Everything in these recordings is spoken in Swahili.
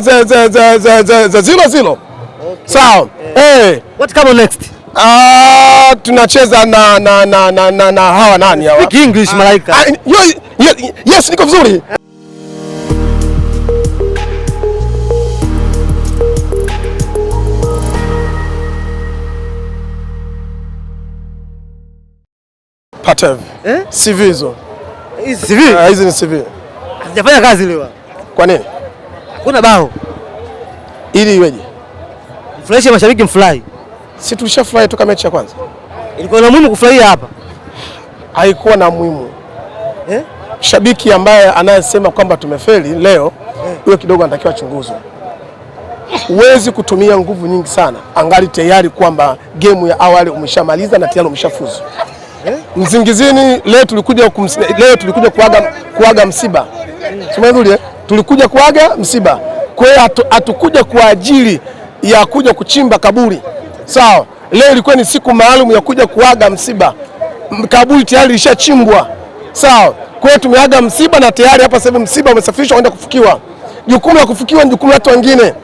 za zilo zilo, sawa. Eh. Eh. What come next? Ah, tunacheza na na na na na, na hawa nani hawa? Speak English malaika. Ah, yes, niko vizuri. Patev. Eh? CV hizo. Hizi CV? Ah, hizi ni CV. Hazijafanya kazi leo. Kwa nini? Kuna bao ili iweje? Mfurahishe mashabiki, mfurahi. Si tulishafurahi toka mechi ya kwanza. Ilikuwa na muhimu kufurahia hapa? Haikuwa na muhimu eh? Shabiki ambaye anayesema kwamba tumefeli leo eh. huyo eh, kidogo anatakiwa chunguzwe. Huwezi kutumia nguvu nyingi sana, angali tayari kwamba gemu ya awali umeshamaliza na tayari umeshafuzu eh? Mzingizini leo tulikuja, leo tulikuja kuaga, kuaga msiba, eh? tulikuja kuaga msiba. Kwa hiyo hatukuja kwa ajili ya kuja kuchimba kaburi, sawa. Leo ilikuwa ni siku maalum ya kuja kuaga msiba, kaburi tayari lishachimbwa, sawa. Kwa hiyo tumeaga msiba na tayari hapa sasa msiba umesafirishwa kwenda kufukiwa. Jukumu la kufukiwa ni jukumu la watu wengine.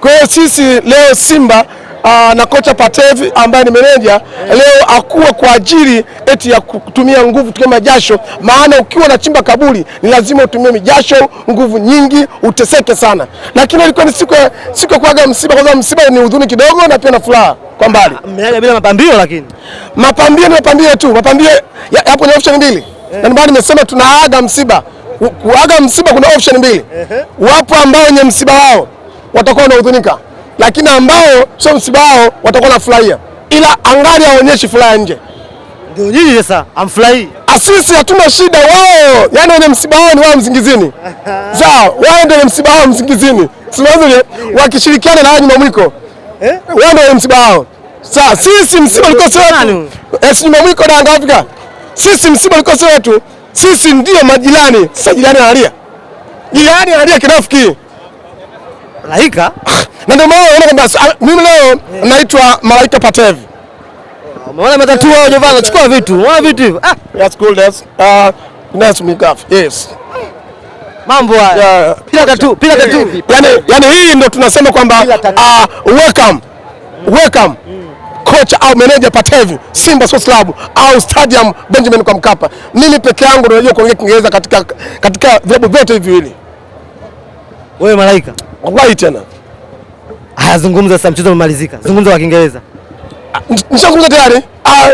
Kwa hiyo sisi leo Simba Ah, na kocha Patev ambaye ni meneja leo akuwe kwa ajili eti ya kutumia nguvu kama jasho, maana ukiwa chimba kaburi ni lazima utumie mijasho, nguvu nyingi, uteseke sana. Lakini ilikuwa ni siku ya siku ya kuaga msiba, kwa sababu msiba ni huzuni kidogo na pia na furaha kwa mbali. Mmeaga bila mapambio, lakini mapambio ni mapambio tu, mapambio hapo ni option mbili yeah. Na ndio nimesema tunaaga msiba kuaga msiba kuna option mbili. Wapo ambao wenye msiba wao watakuwa wanahuzunika, lakini ambao sio msiba wao watakuwa na furahia, ila angali aonyeshi furaha nje. Ndio nyinyi sasa amfurahi asisi, ah, hatuna shida wao. Yani wenye msiba wao ni wao msingizini, sawa? Wao ndio msiba wao msingizini, sinazile wakishirikiana na wanyuma mwiko eh? Wao ndio msiba wao. Sasa sisi msiba uliko sio wetu, eh, nyuma mwiko na Yanga Afrika, sisi msiba uliko sio wetu, sisi ndio majirani. Sasa jirani analia, jirani analia kinafiki, malaika ah, na ndio maana unaona kwamba ah, mimi leo naitwa Malaika Patev. Umeona matatua Jovana, chukua vitu. Unaona vitu hivyo. Ah, that's cool that's. Ah, nice me gaff. Yes. Mambo haya. Pila tatu, pila tatu. Yaani yaani hii ndio tunasema kwamba ah, welcome. Welcome. Kocha au meneja Patev Simba Sports Club au Stadium Benjamin kwa Mkapa. Mimi peke yangu ndio najua kuongea Kiingereza katika katika vilabu vyote hivi viwili. Wewe Malaika. Wallahi tena. Haya, zungumza sasa, mchezo umemalizika, zungumza kwa Kiingereza. Nishazungumza tayari. Ah,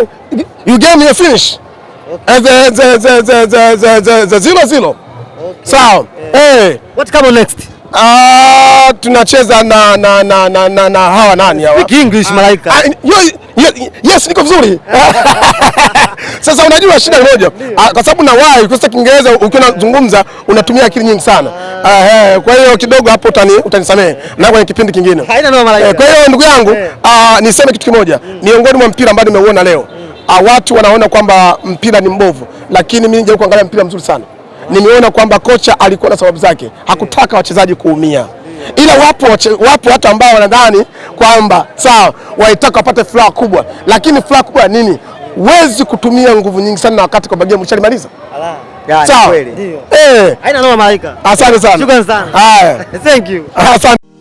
you gave me a finish. Sawa. What come next? Ah, tunacheza na na na na, na, na hawa nani hawa? Speak English ah, malaika. Ah, yes, niko vizuri. Sasa unajua shida ni moja. Ah, kwa sababu na why kwa sababu Kiingereza ukiwa unazungumza unatumia akili nyingi sana. Ah, eh, kwa hiyo kidogo hapo utani utanisamehe na eh. kwenye kipindi kingine. Haina noma malaika. Eh, kwa hiyo ndugu yangu, ah, niseme kitu kimoja. Mm. Miongoni mwa mpira ambao nimeuona leo. Mm. Watu wanaona kwamba mpira ni mbovu, lakini mimi nje kuangalia mpira mzuri sana nimeona kwamba kocha alikuwa na sababu zake, hakutaka wachezaji kuumia, ila wapo, wapo watu ambao wanadhani kwamba sawa, waitaka wapate furaha kubwa, lakini furaha kubwa nini? Huwezi kutumia nguvu nyingi sana na wakati kwamba game ushalimaliza. Sawa, eh, haina noma malaika. Asante sana, shukrani sana, haya, thank you, asante.